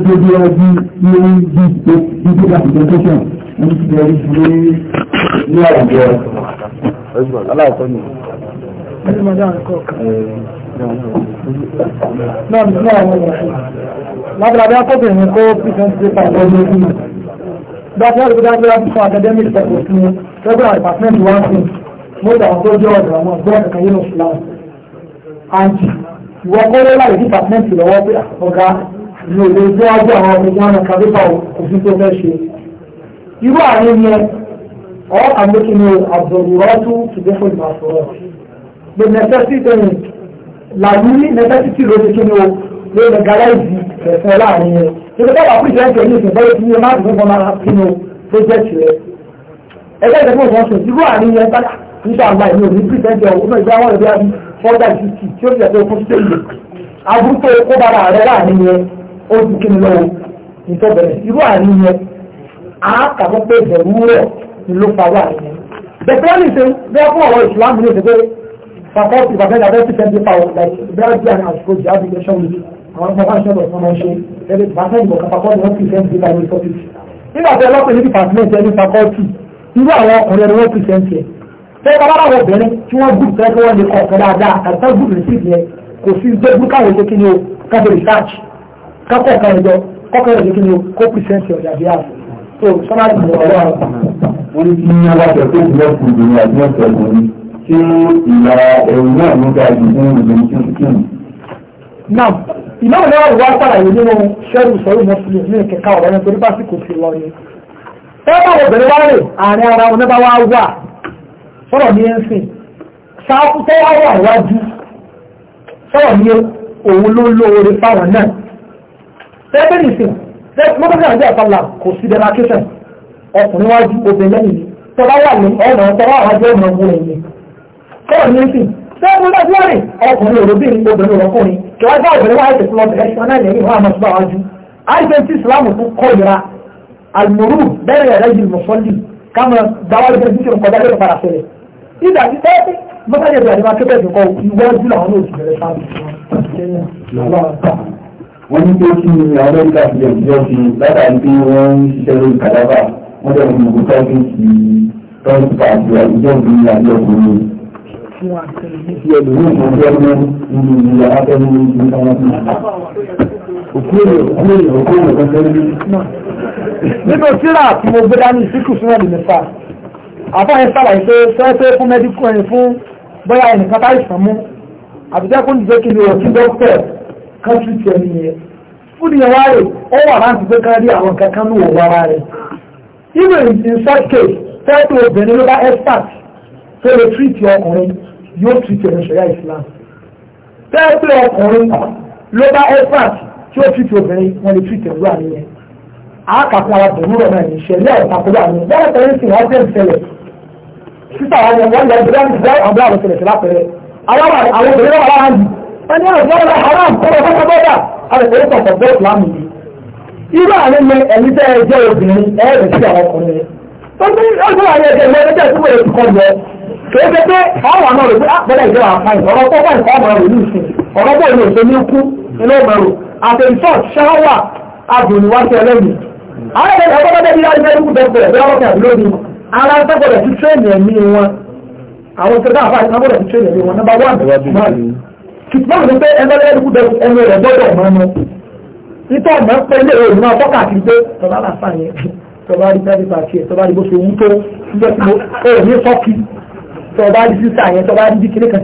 gbogbo ọdún ní ó ń bí ibi àpìtẹ́tẹ́sàn ń bẹ̀rẹ̀ ìgbé ní àwùjọ aláàkọ́ ni lábàlábí akọ́bìnrin kó pípẹ́ ti pa ọ̀pọ̀ ọdún ọdún dájú àrùgbé dájú láti fún academic pẹ̀lú fún federal department wá sí mọ́tà àwọn tó jẹ́ ọ̀dọ̀ àwọn ọgbọ́n kankan yóò fún láti àǹtí ìwọ́kọ́ lọ́wọ́ láì department lọ́wọ́ pé ah, ọ̀gá ní òwe tó wá jẹ́ àwọn ọmọdé wọn kan pépà òfin tó fẹ́ ṣe irú àárín yẹn ọ́ àmókínú àbọ̀rọ̀tún tìbẹ́ fún ìbàfọ̀rọ̀ the necessity làlúrí necessity ló ti kí ni o ló lè gàláìsì ẹ̀fọ́ láàrin yẹn tòkè tó bá pín ìṣẹ́ ìṣẹ́ ní ìṣẹ́ bọ́lá ti yẹ má ti fún ọmọ ara kí ni o project rẹ ẹgbẹ́ ìṣẹ́fún ìwọ̀n ṣe irú àárín yẹn bá nígbà àgbà ìlú òní pírẹ́sẹ̀ntì ọ̀hún náà ìgbà wọn ìgbà fọ́dà ìṣìṣì tí ó ti ẹ̀fọ́ fún stéèjì abúlé kó bára rẹ láàrin yẹn ó ju kí ni lọ́wọ́ ìtọ́bẹ̀rẹ̀ irú àárín yẹn àákàbọ̀ pé bẹ̀rù rẹ̀ ló fa wà yẹn. bẹ̀tẹ̀ wọ́n lè ṣe bẹ́ẹ̀ fún ọ̀rọ̀ ìsìlámù ní ìṣẹ́gbẹ́ fàkọ́ọ̀tì bàbẹ́dà bẹ́ẹ̀ ti tẹ́lẹ̀ pa ọ̀rọ̀ bẹ́ẹ̀ bí àwọn àsìkò jẹ́ àbíkẹ́ṣọ́ mi àwọn ọmọ bá ń ṣẹ́bọ̀ fún ọmọ ṣe ẹni bàtẹ́ ìbò kan fàkọ́ọ̀tì wọ́n ti tẹ́lẹ̀ pa ọ̀rọ̀ ìtọ́jú. nígbà tí ọlọ́pàá níbi pàṣẹmẹ́ntì ẹni fàkọ́ọ̀tì irú àwọn ọkùnrin ẹni wọ́n ti tẹ́ǹtì ẹ̀. tẹ́ bàbá àwọn obìnrin tí wọ́n gùn tẹ́ kí wọ́n kò sí tó gùn káwọn kí ni o káfíńtì kápọ̀ kan ẹjọ́ kọ́kọ́ rẹ̀ kíni kó pìsẹ́ǹtì ọ̀dà bí ààbò tó sọ́nàdì mọ̀ ọ̀rọ̀ àwọn. wọ́n ní kí aláṣẹ tó ti lọ́ọ̀kù ìdùnnú àti ọ̀sẹ̀ ìdùnnú ṣé ìlà ẹ̀rù náà ló ga jù fún ìdùnnú tó ti kírun. náà ìmáàmù náà wà sàlàyé nínú sẹ́rù sọ́rù mọ́sílẹ̀ ní ìkẹ́kà ọ̀rọ̀ yẹn torí pásíkò ti lọ ni. ẹ bá obìnrin wá rè àárín ara wọn bá wá wà sọ̀rọ̀ ní ẹ̀ ń sìn sáfù tó wá wà wájú sọ̀rọ̀ ní òun ló lóore fáwọn náà tẹ́gbẹ́ nìsín mọ́tòkì àjẹ́ àfàlà kò sí demarcation ọkùnrin wájú obìnrin lẹ́yìn ni tọ́lá wà ní ọ̀nà tọ́lá àwájú ọ̀nà ọ̀gbọ̀n ẹ̀yìn tọ́lá ní nìsín tẹ́gbẹ́ lọ́jọ́ rẹ̀ ọkùnrin òròbìnrin obìnrin ọkùnrin kẹwàá obìnrin wáyé tẹ̀sí lọ́bẹ̀ ẹ̀ṣọ́ náà lẹ́yìn wọn àmọ́ síwájú àìsàn tí Islam tún kọ́ ìra àlùmọ́rù bẹ́ẹ̀rẹ̀ rẹ̀ yìí mọ̀sọ́lì kámọ́ dáwọ́lé tẹ̀sí tí kọjá lẹ́yìn padà fẹ́rẹ̀ ìdá ti tẹ́ẹ̀tì mọ́tàlẹ́bẹ̀rẹ̀ ni wọ́n kẹ́tẹ̀ẹ̀sì kọ́ ìwọ́jú làwọn yóò ti bẹ̀rẹ̀ sáà wọ́n ní pé kí ni àwọn mẹ́ríkà ti jẹ́ fi látàrí pé wọ́n ń ṣiṣẹ́ lórí kàdábà wọ́n jẹ́ gbogbo tọ́jú ti tọ́jú pàtó àwùjọ ìlú àjọ ìlú. Ti ẹlòmíì kò jẹ́ mọ́ nínú ìlú abẹ́lé ní ìlú káwọn fún un. Òkú èrò òkú èrò òkú èrò kan tẹ́lẹ̀ ní. Nínú síra tí mo kájú ti ẹni yẹn fúdi yẹn wáyé ó wà láti pé kárí àwọn kankan ní òwò ara rẹ̀ even in such case tẹ́tù obìnrin ló bá expert tó lè tírìtì ọkùnrin yóò tírìtì ẹ̀rọ ṣẹ̀yà Islam tẹ́tù ọkùnrin ló bá expert tí ó tírìtì obìnrin wọn lè tírìtì ẹ̀rọ àníyẹn àákàtà àwọn bòmúrò náà ní ìṣẹ̀lẹ̀ ìtakùrọ̀ àníyẹn bọ́lá tẹ̀lé sí wọ́n tẹ̀lé sẹlẹ̀ sísà wọn wọn lọ bí wọn bí wọn àbúrò àbẹ̀sẹ̀lẹ̀ sí lápẹ̀rẹ̀ ẹni àgbára haram tọrọ fọ́nà bọ́dà àrẹ̀fẹ́ pàtàkì bọ́ọ̀lù yìí irú àárín mi ẹni tẹ́ ẹ jẹ́ obìnrin ẹ̀rẹ̀ sí àwọn ọkùnrin tó ọjọ́ àárín ẹ̀jẹ̀ ìwé ẹgbẹ́ tí wọ́n kọ́ lọ kìí ṣe pé àwọn àna rẹ̀ pé àpẹẹrẹ ah, ìjọba ọ̀rọ̀ tó nǹkan ọmọ ní ìsìn ọ̀rọ̀ bó ṣe kìtìmọ́ọ̀lù ni pé ẹgbẹ́lẹ́dẹ́kù dẹkù ẹnu rẹ̀ gbọ́dọ̀ mọ́ ọmọ nítorí ọmọ pé ilé ìròyìn náà fọ́kà kì í pé tọ́lá làfà yẹn tọ́lá rí tẹ́lẹ̀ pàṣẹ tọ́lá rí bó ṣe wú tó ní sọ́kì tọ́lá rí sísà yẹn tọ́lá rí bí kíní kan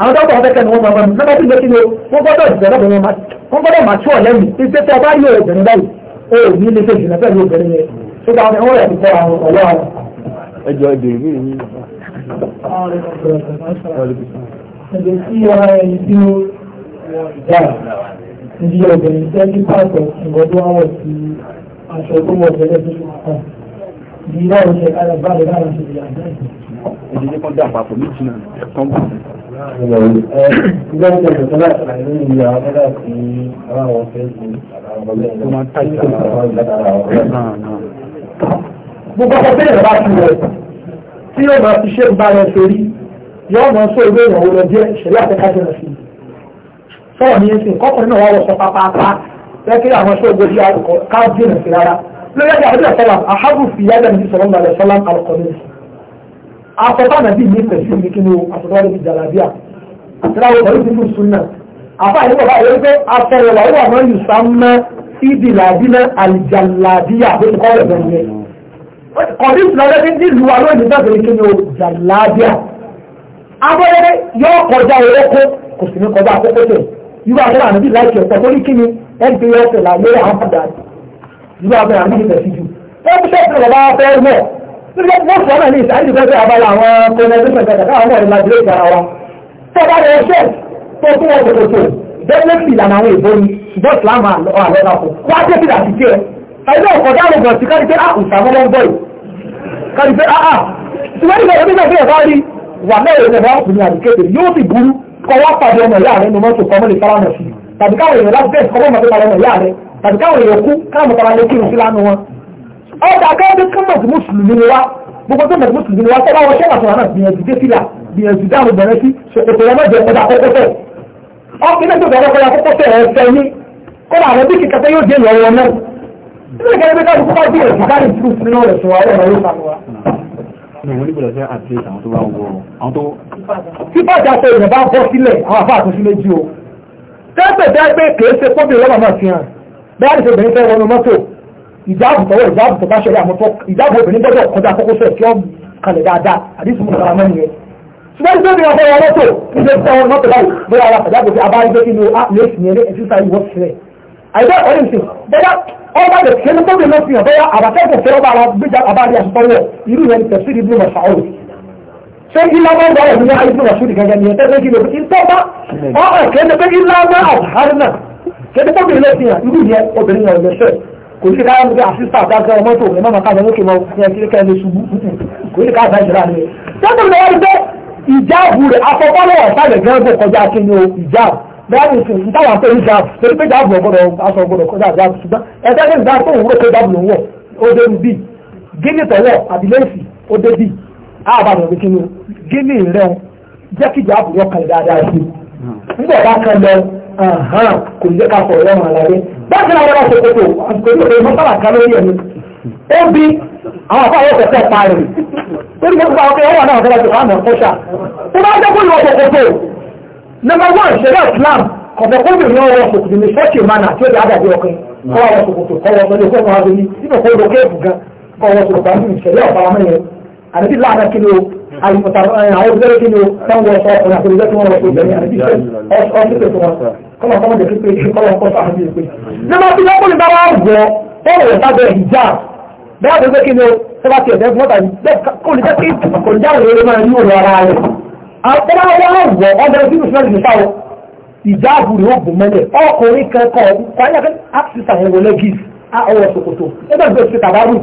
àwọn tó bọ̀ fẹ́kẹ́ ni wọ́n máa ń bá tí lé kí ni wọ́n gbọ́dọ̀ ìjọba wọn wọ́n gbọ́dọ̀ máa tí ọ̀lẹ́ mi ṣe tẹ́ ọba yóò obìnrin báyìí ó ní ilé ṣèjì náà pẹ̀lú obìnrin yẹn tó bá wọn rẹ̀ ti kọ́ àwọn ọ̀lọ́ àwọn. ẹ jọ ìbéèrè mi nìyí ẹ̀jẹ̀ sí ara ẹni tí ó dà níbi ọ̀bẹ̀rin tẹ́lí pàtó ìwọ́dún àwọ̀ sí aṣọ tó wọ̀ tẹ́lẹ̀ tó ṣùgbọ́n kan ní ilé ọ̀ṣẹ̀ kára báyìí lára ṣe ìyá àjẹ́ ẹ̀jẹ̀ ní kan dà papọ̀ méjì náà ẹ̀kan bù. rẹ̀ nínú yóò mọ̀ sọ ìwé ìrànwọ́ lọ jẹ́ ìṣẹ̀lẹ̀ àtẹ́ká jẹ́ sí sọ̀rọ̀ ní ẹsìn kọ́kùnrin náà wà wọ́n sọ pápápá lẹ́kẹ́ àwọn sọ ògbójì àlùkò káàdì nà sí rárá lórí ẹ̀jẹ̀ àdúrà sọ́lá àhábù fi yáda nàbí sọ̀rọ̀ nàlẹ̀ sọ́lá àlùkò ní ìsìn asọ̀tà nàbí ní pẹ̀sì ní kí ni o asọ̀tà nàbí jàlábíà àtàwọn ọ̀rọ̀ ìdílù sunna àfa àyẹ̀wò bá yẹ pé asọ̀rọ̀ wà wà mọ́ yùsàmọ́ ìdì làbínà àlìjàlábíà bó ti kọ́ ọ̀rọ̀ bẹ̀rẹ̀ yẹn kọ̀dí ìsìlẹ̀ ọ̀rẹ́ abọ́dẹ́dẹ́ yóò kọjá orókó kò sì ní kọjá àkókò tẹ̀ irú abẹ́rẹ́ ànábì láìpẹ́ ọ̀pọ̀ tó ní kí ni ẹgbẹ́ yóò tẹ̀lá lórí àwọn padà irú abẹ́rẹ́ ànábì lè fi jù wọ́n bí sẹ́ẹ̀tì rẹ̀ bá fẹ́ mọ̀ nígbà tí wọ́n sọ náà ní ìsáyé ìfẹ́ fẹ́ abala àwọn colonization kẹta káwọn náà ìlàjì lè jara wa tó bá rẹ̀ ṣẹ́ tó tún wọn kòkòtò definitely ìlànà àwọn ìbò ni ìbò islam àlọ́ náà kò wá dé fìlà sí tiẹ̀ ẹgbẹ́ ọ̀kọ̀dá àwọn ọ̀gbọ̀n ti kárí pé a kò sàmúlọ́ ń bọ̀ yìí kárí pé a a ṣùgbọ́n nígbà tí wọ́n wà mẹ́rin ní wọ́n fún àdìkéde yóò sì burú kọ́ wá pàdé ọmọ ìyá rẹ̀ nínú mọ́tò kọ́mọ́ lè fara sí tàbí káwọn èèyàn láti bẹ́ẹ̀ kọ́mọ́ mọ́tò ọmọ ìyá rẹ̀ tàbí káwọn èèyàn kú káwọn tara lè kírun sí lánàá wọn. ọjà káwọn tó mọ̀tì mùsùlùmí ni wá gbogbo tó mọ̀tì mùsùlùmí ni wá tọ́lá wọn ṣẹ́ màtọ́ náà gbìyànjú dé sílà gbìyànjú dáhùn bẹ̀rẹ̀ sí ṣòkòtò ọmọ ìjẹ ọjà kókó tẹ̀. ọkùnrin tó bẹ̀rẹ̀ kọjá kókó tẹ̀ ẹ̀ fẹ́ náà. gbìyànjú dáhùn ní ìwọ́n níbọ̀dọ̀ jẹ́ àdírẹ́sì àwọn tó bá ń wọ àwọn tó. tí bàjẹ́ àpò èèyàn bá bọ́ sílẹ̀ àwọn àfa àtúnṣe méjì o tẹ́gbẹ̀ tẹ́gbẹ̀ kìí ṣe pọ́bì lọ́mọ máa fi hàn bẹ́ẹ̀ àti obìnrin fẹ́ wọnú mọ́tò ìjáàbù tọwọ́ ìjáàbù tó bá ṣẹlẹ̀ àmọ́tọ́ ìjáàbù obìnrin gbọ́dọ̀ kọjá kókósẹ̀ tí ó kalẹ̀ dáadáa àdìsí mọ̀ sára mẹ́rin yẹn ṣùgbọ́n ìgbẹ́ mi ọ̀fẹ́ wọn mọ́tò ìgbẹ́ mi ọ̀fẹ́ wọn mọ́tò báyìí bóyá ara kàjáde abáyé gbé nínú lẹ́sìn yẹn ní ẹ̀sìn sáyé wọ́ọ̀sì rẹ̀ àìjẹ́ ọ̀rẹ́ ìsìn bẹ́yà ọba lè ṣe ní tó lè lọ́sìn ọ̀bẹ́yà àbàtẹ́kùn fẹ́ ọba gbéjà àbárí àṣùpọ̀wọ̀ irú yẹn tẹ̀sí ìdí ìmọ̀ sàọ́rù ṣé ìlànà ọba ọ̀rẹ́ ní àìsí ìmọ̀ sùúrù gẹ́gẹ́ ni ẹ̀tẹ́ méjì lè fi tọ́ba ọ̀rẹ́ kéde pé ìlànà àbárínà kéde tó lè lọ́sìn irú yẹn obìnrin yẹn lẹ́sẹ̀ kò ní káyọ̀ níbi àṣìṣà àdájọ́ ọmọ tó rẹ̀ mọ́mọ́ káyọ̀ lókè mọ́ ní ẹ̀kí kẹ́ lè ṣubú kò ní káyọ̀ àdájọ́ rẹ̀ tẹ́tù lọ́wọ́ ìjáàbù rẹ̀ afọ́fọ́lọ́wọ́ sálẹ̀ gẹ́gẹ́ bó kọjá kí ni o ìjáàbù báyìí sì ń táwọn pé ìjà torí pé ìjà àbùrọ̀ gbọ́dọ̀ aṣọ gbọ́dọ̀ kọjá àjà ṣùgbọ́n ẹgbẹ́ ní ìjà tó ń wúrò pé ìjà àbùrọ̀ wọ̀ ó dé bí gíní tọ̀wọ̀ àbílẹ̀sì ó dé bí àbàdàn ní kíni gíní rẹ̀ jẹ́ kí ìjà àbùrọ̀ kan dáadáa sí nígbà bá kan lọ kò ní jẹ́ ká sọ̀rọ̀ ọmọ àlàyé báyìí náà wọ́n ṣe kókó àsìkò ní òde mọ́tàlá kan lórí ẹ̀mí ó bí àwọn afáwọn ọkọ̀ fẹ́ parí torí mo gbà ọkọ̀ ẹ̀wọ̀n náà fẹ́ lọ́sọ̀rọ̀ àmọ̀ ọ̀ṣà tó bá jẹ́ kó lọ́sọ̀rọ̀ kókó number one ṣẹlẹ̀ islam kọ̀fẹ́ kóbìnrin ọwọ́ ṣòkòtò ní ṣọ́ọ̀ṣì mánà tí ó di àdàbí ọkùn kọ́wọ́ ṣòkòtò kọ́wọ́ ṣọlẹ̀ kọ́wọ́ ṣọlẹ̀ nínú kó lókè èkó gan kọ́wọ́ ṣòkòtò àti ìṣẹ̀lẹ̀ ọ̀páramẹ́ yẹn àdàbí láàánà kí ni o àyùkọ̀tà àwọn ìgbẹ́rẹ́ kí ni o tán wọ ọ̀ṣọ́ ọ̀nà àti ìgbẹ́ tí wọ́n wọ ọ̀ṣọ́ ìgbẹ́ni àti ìṣẹ́ ọ̀ṣọ́ ìgbẹ́ tí wọ́n kọ́mọ̀ kọ́mọ̀ jẹ́ pípé kí kọ́wọ́ kọ́ sáà ní ìpè. nígbà tí wọ́n kúrin bá wá gbọ́ tọ́wọ̀ ẹ̀ta bẹ ìjà bẹ́ẹ̀ bẹ́ẹ̀ kí ni o tọ́wọ́ ti ẹ̀dẹ́ fún mọ́ta kò ní jẹ́ kí kò ní jáwèé máa ní òun ara rẹ̀ àtọ́wọ́ àwọ̀ ọ̀dọ̀ sí ìṣẹ́lẹ̀ ìṣẹ́sáwọ̀ ìjáàbù rẹ̀ ó bù mẹ́lẹ̀ ọkùnrin kankan kwanyaka áksìsà yẹn wọlé gíìsì ọwọ́ ṣòkòtò ẹgbẹ́ ìgbẹ́ ìṣẹ́ tàbárù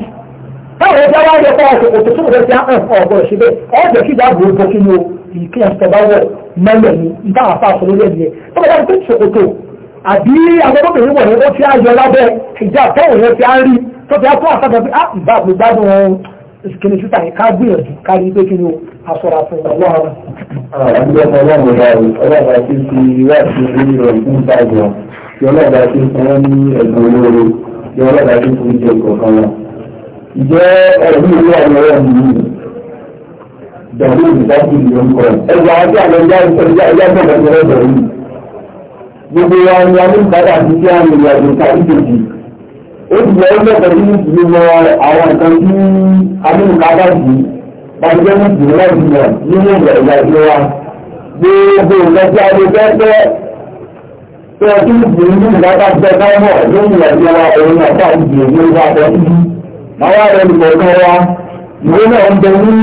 táwọn ẹgbẹ́ wá yẹ kọ́ ṣòkòtò tó rẹ̀ ti hàn ọ̀gbọ̀n ṣe bẹ́ẹ̀ ọ̀dọ̀ sí ìjáàbù rẹ̀ bọ́ kínú ìkí àṣetẹ̀báwọ̀ mẹ́lẹ̀ ni ìdáhà fà sọ lórí ẹ̀yẹ tó bá dáa pé ṣòkòtò àbí agbẹ́bọ̀bìnrin wọ̀nyẹn ó ti á yọ lábẹ́ ìjà tọ́wọ̀ yẹn ti á rí tó ti á tó àṣàgbẹ́ bí á ah, ìbá àgbẹ̀gbádùn ìkíni títà yìí ká gbìyànjú ká rí pé kí ni aṣọra ah, fún ọlọ́run. àgbẹ̀ ọmọ ọlọ́run bá rí ọlọ́run ti fi wá sí orí rẹ̀ fún ìtajà tí ọlọ́run ti fún wọn ní ẹ̀gbọ́n olóró tí ọlọ́run ti fún ìjẹ kọ̀ọ̀kan wọn. ìjẹ́ ẹ̀rí ìlú àwọn ọ̀rọ̀ mi dàbí ìdíjáde ìlú ń kọ́ ẹ̀gbọ́n àti àwọn ẹ̀yà ìjọba ìjọba ìjọba gbogbo wa ni a ní ìbádà àti tí a ń lò àjò ká ìdèjì ó ti lọ ọgbẹ́ pẹ̀lú ìgbìmọ̀ àwọn nǹkan tí aláàbí ọjọ́ méjìlélọ́ọ̀dì rẹ̀ nínú ìwẹ̀ ìgbàgbé wa gbogbo ìgbàgbé adébẹ́gbẹ́ tí wọ́n tún fi ní ìdábàgbẹ́ káwọ̀ lórí ìgbàgbé òun àti àìjì èdè wa bọ̀ níbi àwọn àrẹ olùkọ̀ọ́kọ́ wa ìwé náà ń bẹ ní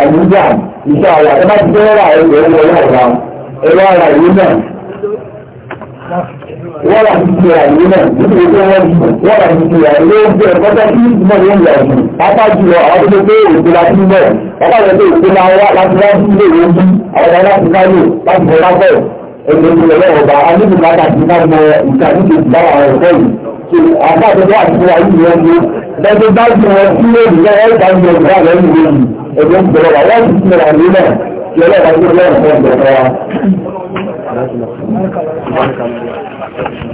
àyíjà ìṣe àwọn àtẹ́bàtì tó rà ẹ̀rọ ẹ̀rọ ọ̀la ẹ̀rọ ara ìwé náà wọ́n rà títí àìyé náà wọ́n rí wọ́n rà títí àìyé jẹ́ ẹ̀kọ́tọ́ tí ìgbìmọ̀ ní ìyà pápá jùlọ àwọn tó pé èdè láti mọ̀ pápá jẹ́ pé èdè máa wá láti wá sí ilé ìwé bí àwọn aláti sáyé láti bọ̀ lápẹ̀ èdè ìwé lọ́wọ́ ọba alébù ti ká mọ ìtàkùnkè bára àwọn ẹ̀kọ́ yìí ṣe àbájọpọ̀ àti wáyé ìwọ́n ni lọ́jọ́ bá jù wọn sí lórí lọ́wọ́ ìdájọ́ ìgbà lẹ́yìn lórí ẹ̀dọ́ ìgbọ̀lọ́wà wọ́n ti ti rà nílẹ̀ kí ọlọ́run ọdún ọlọ́run fún ọ̀gbọ̀n wa. سبحانك اللهم